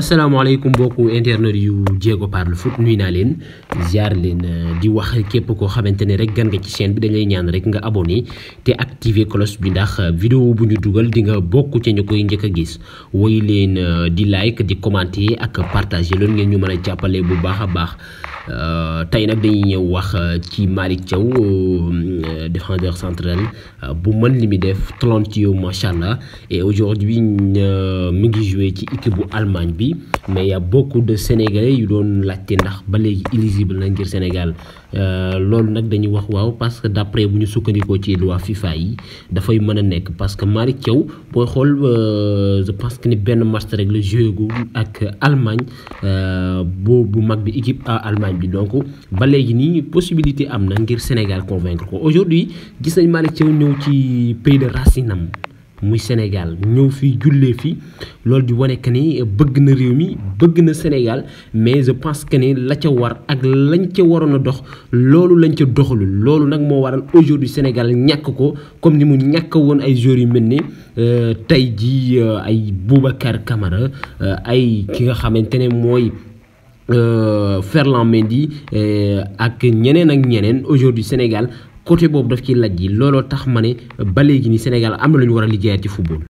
salam alaykum beaucoup internet yu diego Parle Foot nuyu naa leen ziar leen euh, di wax képp ko xamantene rek gan nga ci chaîne bi lay ñaan rek nga abonné té activer cloche bi ndax vidéo bu ñu dugal di nga bokku ci ñukoy ñëk gis woy leen euh, di like di commenter ak partager loolu ngeen ñu mëna a jàppale bu baax a baax euh, tey nag dañuy ñew wax ci malik défenseur central bu mën li muy def talentueux macha et aujourd'hui mi ngi joué ci équipe bu Allemagne campagne bi mais y a beaucoup de sénégalais yu don laajte ndax ba léegi éligible na ngir Sénégal euh, lool nak dañuy wax waaw parce que d'après buñu ñu sukkandikoo ci loi FIFA yi da fay mëna nek parce que Malick Thiaw xol euh je pense que ni ben match rek le jeu gu ak Allemagne euh, bu mag bi équipe Allemagne bi donc ba ni possibilité am na ngir Sénégal convaincre ko aujourd'hui gis nañ Malick Thiaw ñëw ci pays de racinam muy Sénégal ñëw fii jullee fii loolu di wane que ni bëgg na réew mi bëgg na Sénégal mais je pense que ni la ca war ak lañ ca waroon a dox loolu lañ ca doxalul loolu nag moo waral aujourd'hui Sénégal ñàkk ko comme ni mu ñàkk woon ay joueurs yu mel ni euh, tey jii euh, ay Boubacar Camara euh, ay ki nga xamante ne mooy. Ferland Mendy ak ñeneen ak ñeneen aujourd'hui Sénégal côté boobu daf ci laj ji looloo tax ma ne ba léegi ni Sénégal am na lu ñu war a liggéeyaat ci football